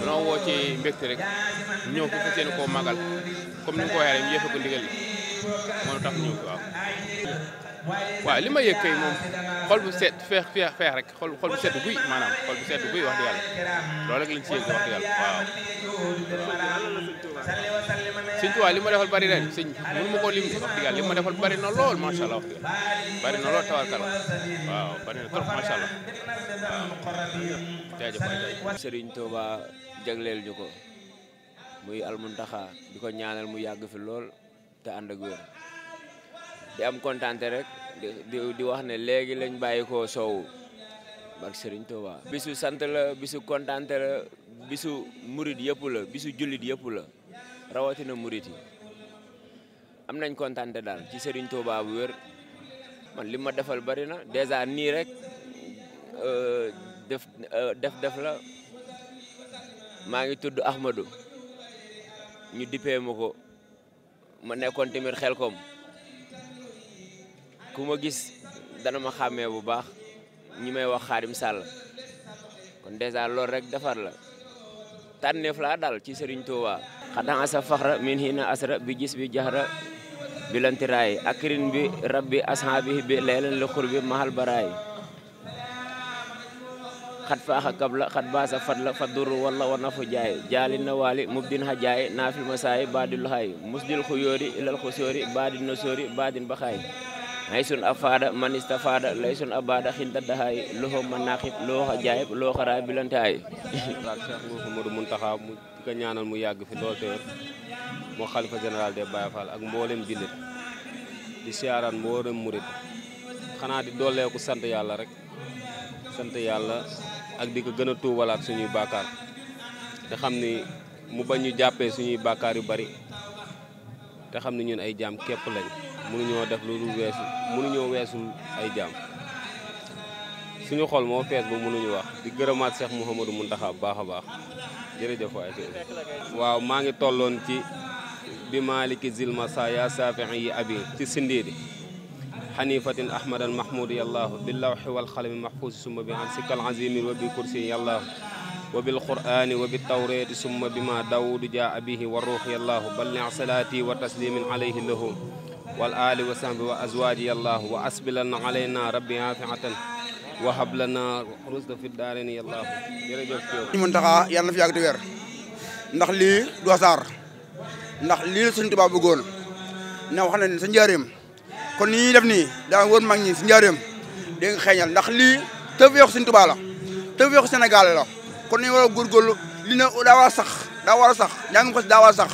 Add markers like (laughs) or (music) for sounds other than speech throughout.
danoo woo ci mbégte rek ñëw ko fas yéene koo màggal comme ni nga ko waxee rek ñu jëfe ko ndigal li moo tax ñëw waaw. waaw li ma yëg kay moom xol bu set feex feex feex rek xol xol bu set maanaam xol bu set buy wax di yàlla loolu rek lañ ci yëg wax di yàlla waaw. sëñ Tuubaa li ma defal bari ren sëñ ma koo bari na lool macha Sëriñ Tuuba jagleel ñu ko muy almuntaxa di ko ñaanal mu yàgg fi lool te ànd ak wér di am kontaante rek di di wax ne léegi lañ bàyyi koo soowu ak Sëriñ Tuuba bisu sant la bisu kontante la bisu murit yëpp la bisu jullit yëpp la rawatina murit am nañ kontaan daal ci Serigne Touba bu wér man li ma defal bari na dèjà nii rek def def def la maa ngi tudd Ahmadou ñu dippee ma ko ma nekkoon tamit xel koom ku ma gis dana ma xàmmee bu baax ñu may wax Xaadim Sall kon dèjà loolu rek defar la tànneef laa daal ci Serigne Touba. خدان أسا فخر من هنا أسر بجس بجهر بلانتراي أكرن بربي أصحابه بليلا لقرب محل براي خد فاخ قبل خد باس فضل فدور والله ونف جاي جالي نوالي مبدين جاي نافل مساي باد الهاي مسجل خيوري إلى الخسوري باد النسوري باد بخاي haysun afaada man istafaada laysun abada xindatahaayi loxo ma naqib looxa jaayib looxa raa bilantaay daal (laughs) Cheikh mu di ko ñaanal mu yàgg fi lool te moo xalifa général des Baye ak mboolem jullit di siyaaraan mboolem murit xanaa di dooleeku sant yàlla rek sant yàlla ak di ko gën a tuubalaat suñuy bàkkaar te xam ni mu bañ ñu jàppee suñuy bàkkaar yu bari te xam ne ñun ay jaam képp lañ mënuñoo def lu dul weesu mënuñoo weesul ay jaam suñu xol moo fees ba mënuñu wax di gërëmaat Cheikh Mouhamadou Mountakha baax a baax jërëjëf waay waaw maa ngi tolloon ci bi maliki zilmasa ya safihi yi abi ci sindiidi xanifatin ahmadan mahmudu yallaahu bi lawxi wal xalami mahfuusi summa bi si sikkal azimi wa bi kursi yallaahu وبالقرآن وبالتوريد ثم بما داود جاء به والروح الله بلع نعم صلاتي وتسليم عليه له والآل وسهب وأزواجي الله وأسب لنا علينا ربي عافعة وهب لنا رزق في الدارين الله منتقى يلا في أكتوبر نخلي دوسار نخلي سنتبا بقول نوحنا سنجاريم كوني دفني دا وون ماغني سنجاريم دين خيال نخلي تفيق سنتبا لا تفيق سنغال لا kon nañu war a góorgóorlu li na daa war sax da wara sax ñaa ngi ko da wara sax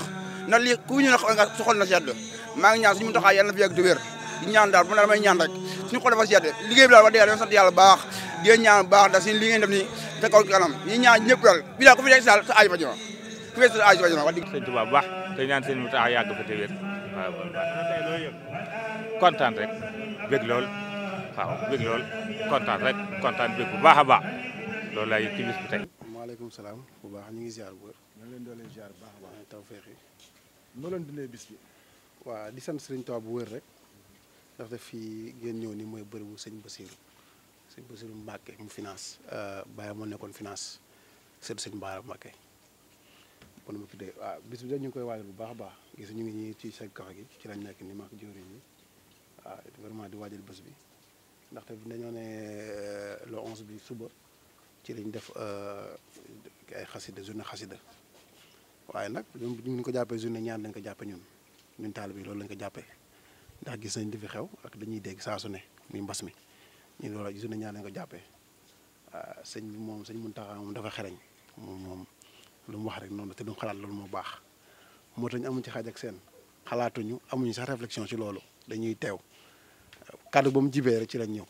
na li ku ñu ne xool nga soxol na sedd ma ngi ñaan suñu taxa yalla fi ak du wer di ñaan daal bu na may ñaan rek suñu ko dafa sedd liggéey bi daal wax dëgg yàlla sant yalla baax di ñaan baax da suñu li ngeen def nii te ko kanam ñi ñaan ñepp dal bi la ko fi nekk si daal sa aaju fajuna ku fi sa aaju fajuna wax di sëñ tuba baax te ñaan seen mu taxa yag fa te wer kontan rek bég lool waaw bég lool kontan rek kontan bég bu baaxa a baax loolu laay ci bis bi tey maaleykum salaam bu baax ñu ngi ziar bu wër. ñu ngi leen doolee ziar bu baax a baax tawféex yi. noo leen dundee bis bi. waa di sant Serigne Touba bu wër rek ndax daf fii ngeen ñëw ni mooy wu sëñ Basiru sëñ Basiru Mbàkke mu finance euh, bàyyi moo nekkoon finance sëñ sëñ Baara Mbàkke kon mu tuddee waaw bis bi dañ ñu ngi koy waajal bu baax baax gis ñu ngi ñii ci seen kaw gi ci lañ nekk ni maak jëwri ni waaw vraiment di waajal bés bi ndaxte dañoo ne euh, le 11 bi suba. ci lañu def euh, ay xasida journée xasida waaye nag ñun bu ñu ko jàppee journée ñaan lañ ko jàppee ñun ñun taalibe yi loolu lañ ko jàppee ndax gis nañ li fi xew ak dañuy dégg saa ne muy mbas mi ñun loolu journée ñaan lañ ko jàppee ah, sëñ bi moom sëñ Mountakha moom dafa xereñ moom moom lu mu wax rek noonu te lu mu xalaat loolu mu baax moo tax ñu ci xaaj ak seen xalaatuñu amuñu sax réflexion ci loolu dañuy teew kàddu ba mu jibee rek ci lañ ñëw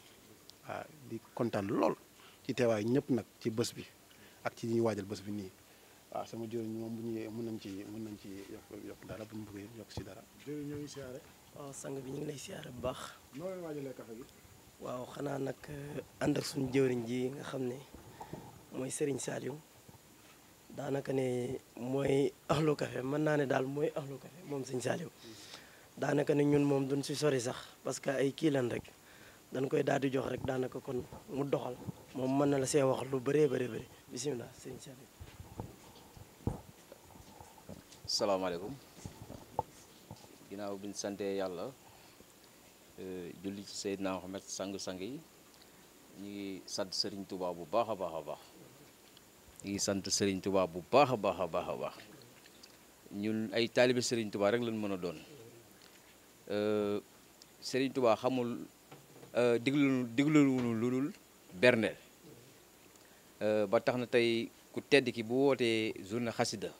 waaw ah, di kontaan lool. ci teewaay ñëpp nag ci bës bi ak ci ñuy waajal bés bi nii waaw sama jëriñ moom bu mën nañ ci mën nañ ci yokk yokk dara bu ñu bëggee yokk si dara. jërëjëf ñoo ngi siyaare. waaw sang bi ñu ngi lay siyaare bu baax. noo leen waajalee café gi. waaw xanaa nag eh, ànd ak suñu jëwriñ ji nga xam ne mooy sëriñ Saliou daanaka ne mooy axlu mën naa ne daal mooy axlu moom Serigne Saliou daanaka ne ñun moom duñ si sori sax parce que ay kii lan rek dañ koy daal di jox rek daanaka kon mu doxal moom mën na la see wax lu bëree bëri bëri sëñ Saliou. salaamaaleykum ginnaaw bi ñu sante yàlla euh, julli ci Seydina Mohamed sang-sang yi ñu ngi sant Serigne Touba bu baax a baax a baax ñu ngi sant Serigne Touba bu baax a baax a baax baax ñun ay taalibe Serigne Touba rek lañ mën a doon euh, Serigne Touba xamul euh, diglu digluwunu lu dul bernde Euh, ba tax na tey ku tedd ki bu wootee journée xasida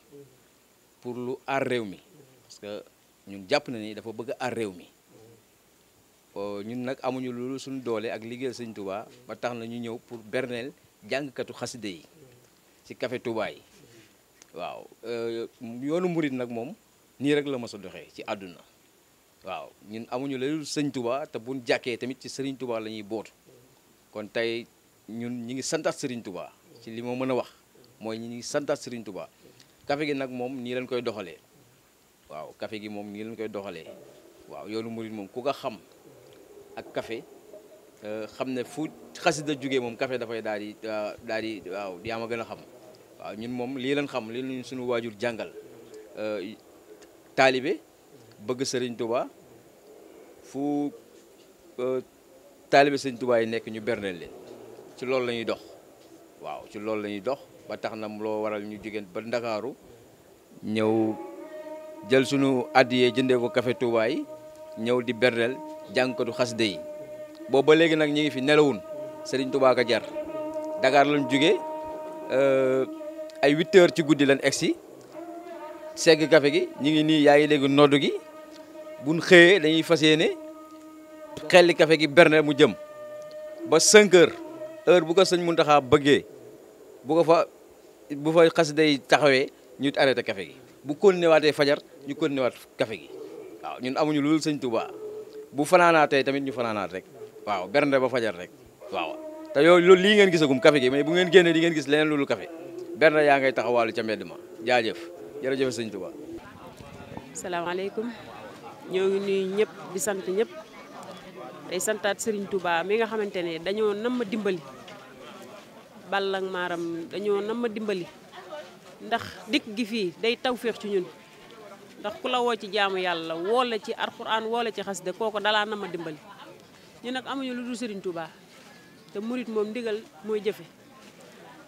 pour lu aar réew mi parce que ñun jàpp na ni dafa bëgg aar réew mi euh, ñun nag amuñu loolu suñ doole ak liggéey sëñ Touba ba tax na ñu ñëw pour berneel jàngkatu xasida yi ci café Touba yi waaw euh, yoonu murit nag moom nii rek la mës a doxee ci àdduna waaw ñun amuñu loolu sëñ Touba te buñ jàkkee tamit ci sëriñ Touba la ñuy bootu kon tey ñun ñu ngi santaat sëriñ Touba ci li ma mën a wax mooy ñu ngi santaat sëriñ Touba kafe gi nag moom nii lañ koy doxalee waaw kafe gi moom nii lañ koy doxalee waaw yoonu murid moom ku ko xam ak café euh, xam ne fu xasida jóge moom kafe dafay daal di euh, daal di waaw yaa ma gën a xam waaw ñun moom lii lañ xam lii lañ sunu waajur jàngal euh, taalibe bëgg Serigne Touba fu taalibe Serigne Touba yi nekk ñu berneel leen ci lool wow, dox waaw ci lool lañuy dox ba tax na loo waral ñu jógeen ba Ndakaaru ñëw jël suñu addiyee jëndee ko café Touba yi ñëw di berndeel jàngkatu xasida yi boobu ba léegi nag ñu ngi fi nelawun Serigne Touba ka jar Dakar lañ jógee euh, ay 8 heures ci guddi lañ egsi segg café gi ñu ngi nii yaa ngi léegi gi buñ xëyee dañuy fas yéene xelli café gi berne mu jëm ba 5 heures heure bu ko sëñ Muntaxa bëggee bu ko fa bu fa xas day taxawee ñu arrêté kafe gi bu continué waatee fajar ñu continué waat café gi waaw ñun amuñu lu dul sëñ Touba bu fanaanaatee tamit ñu fanaanaat rek waaw bernde ba fajar rek waaw te yooyu loolu lii ngeen gisagum kafe gi mais bu ngeen génnee di ngeen gis leneen loolu café bernde yaa ngay taxawaalu ca mbedd ma jaajëf jërëjëf sëñ Touba. salaamaaleykum ñoo ngi nuyu ñëpp di sant ñëpp. tey santaat Serigne Touba mi nga xamante ne dañoo nama dimbali Balla ak dañoo nama dimbali ndax dikk gi fii day tawféex ci ñun ndax ku la woo ci jaamu yàlla woo la ci alxuraan woo la ci xasida kooku dalaa nama dimbali ñu nag amuñu lu dul Serigne Touba te murit moom ndigal mooy jëfe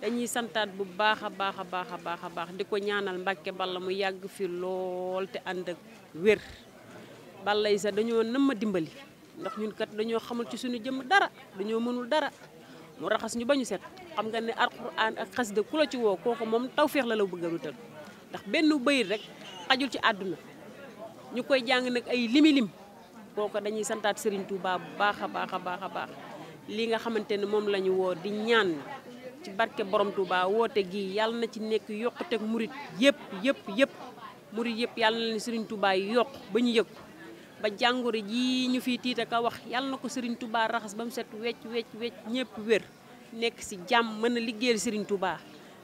dañuy santaat bu baax a baax a baax a baax a baax di ko ñaanal Mbàkke Balla mu yàgg fii lool te ànd ak wér Balla yi sax dañoo nam dimbali ndax ñun kat dañoo xamul ci suñu jëmm dara dañoo mënul dara mu raxas ñu ba ñu set xam nga ne alxuraan ak xasida ku la ci woo kooku moom tawféex la la bëgg a wutal ndax benn bayit rek xajul ci àdduna ñu koy jàng nag ay limi lim kooku dañuy santaat Serigne Touba bu baax a baax a baax a baax lii nga xamante ne moom la ñu woo di ñaan ci barke borom Touba woote gi yàlla na ci nekk yokkuteg murit yëpp yëpp yëpp murit yëpp yàlla na leen Serigne Touba yokk ba ñu yëg ba jàngoro jii ñu fiy tiit ak a wax yàlla na ko Serigne Touba raxas ba mu set wecc wecc wecc ñëpp wér nekk si jàmm mën a liggéeyal Serigne Touba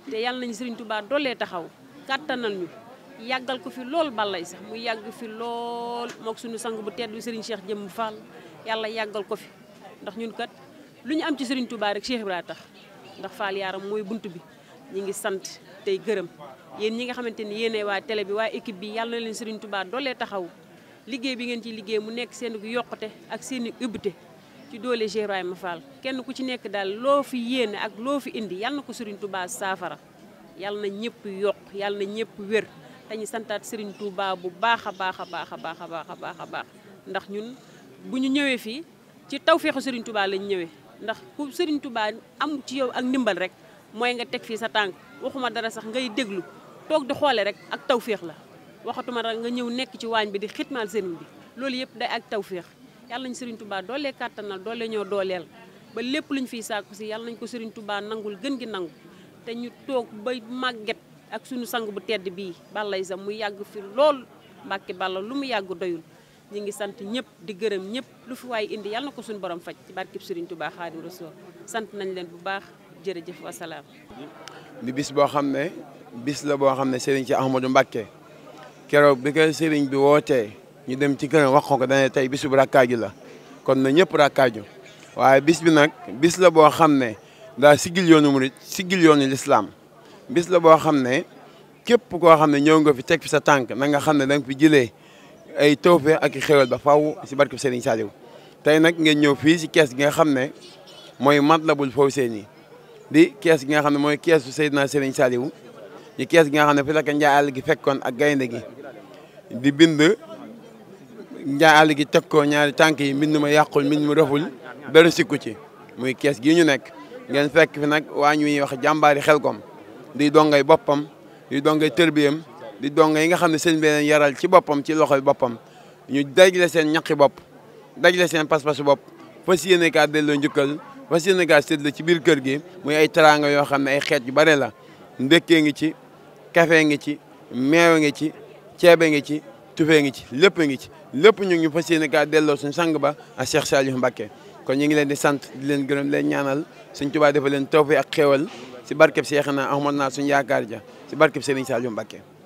te yàlla nañu Serigne Touba dolee taxaw kàttanal ñu yàggal ko fi lool balay sax mu yàgg fi lool mook suñu sang bu tedd bi Serigne Cheikh Jëmm Fall yàlla yàggal ko fi ndax ñun kat lu ñu am ci Serigne Touba rek Cheikh Ibrahima tax ndax faal yaaram mooy bunt bi ñu ngi sant tey gërëm yéen ñi nga xamante ni yéenay waa télé bi waa équipe bi yàlla na leen Serigne Touba dolee taxaw liggéey bi ngeen ci liggéey mu nekk seen yokkute ak seeni i ubbite ci doole Cheikh Ibrahima Fall kenn ku ci nekk daal loo fi yéene ak loo fi indi yàlla na ko Serigne Touba saafara yàlla na ñëpp yokk yàlla na ñëpp wér dañu santaat Serigne Touba bu baax a baax a baax a baax a baax a baax ndax ñun bu ñu ñëwee fii ci tawféexu Serigne Touba lañ ñëwee ndax ku Serigne Touba am ci yow ak ndimbal rek mooy nga teg fii sa tànk waxuma dara sax ngay déglu toog di xoole rek ak tawféex la. waxatuma rek nga ñëw nekk ci waañ bi di xitmaal sëriñ bi loolu yëpp day ak tawféex yàlla nañ sëriñ Touba doolee kàttanal doole ñoo dooleel ba lépp luñ fiy sàkku si yàlla nañ ko sëriñ Touba nangul gën gi nangu te ñu toog ba màgget ak sunu sang bu tedd bii bàllay sa mu yàgg fi lool mbàkke balla lu mu yàgg doyul ñu ngi sant ñëpp di gërëm ñëpp lu fi waaye indi yàlla na ko suñu borom faj ci barkib sëriñ Touba Xaadim Rasuul sant nañ leen bu baax jërëjëf wasalaam. di boo xam ne bis la boo xam ne sëriñ ci Ahmadou Mbàkke keroog bi koy sëriñ bi wootee ñu dem ci gën a wax ko dane tey bisub rakkaaju la kon na ñëpp rakkaaju waaye bis bi nag bis la boo xam ne daa sigil yoonu murit sigil yoonu lislaam bis la boo xam ne képp koo xam ne ñëw nga fi teg fi sa tànk na nga xam ne da nga fi jëlee ay tawfeex ak i xéwal ba faw si barke Serigne Saliou tey nag ngeen ñëw fii si kees gi nga xam ne mooy Matlabul Fawzeyni di kees gi nga xam ne mooy keesu Seydina Serigne Saliou di kees gi nga xam ne fi la ko njaay àll gi fekkoon ak gaynde gi di bind njaal gi teg ko ñaari tànk yi mbind ma yàqul mbind ma doful dara sikku ci muy kees gii ñu nekk ngeen fekk fi nag waa ñuy wax jàmbaari Xelkom di dongay boppam di dongay tërbiyam di donga yi nga xam ne sëñ bi yaral ci boppam ci loxoy boppam ñu dajale seen ñaqi bopp dajale seen pas-pasu bopp fas yéene kaa delloo njukkal fas yéene kaa séddale ci biir kër gi muy ay teraanga yoo xam ne ay xeet yu bare la ndékkee ngi ci kafe ngi ci meew ngi ci ceebe ngi ci tufee ngi ci lépp a ngi ci lépp ñu ngi fas yéene kaa delloo suñu sang ba a Cheikh Saliou mbake kon ñu ngi leen di sant di leen gërëm leen ñaanal suñ Tuubaa defal leen tawfiq ak xéewal si barkeb Seexna Ahmad naa suñu yaakaar ja si barkeb Serigne Saliou mbake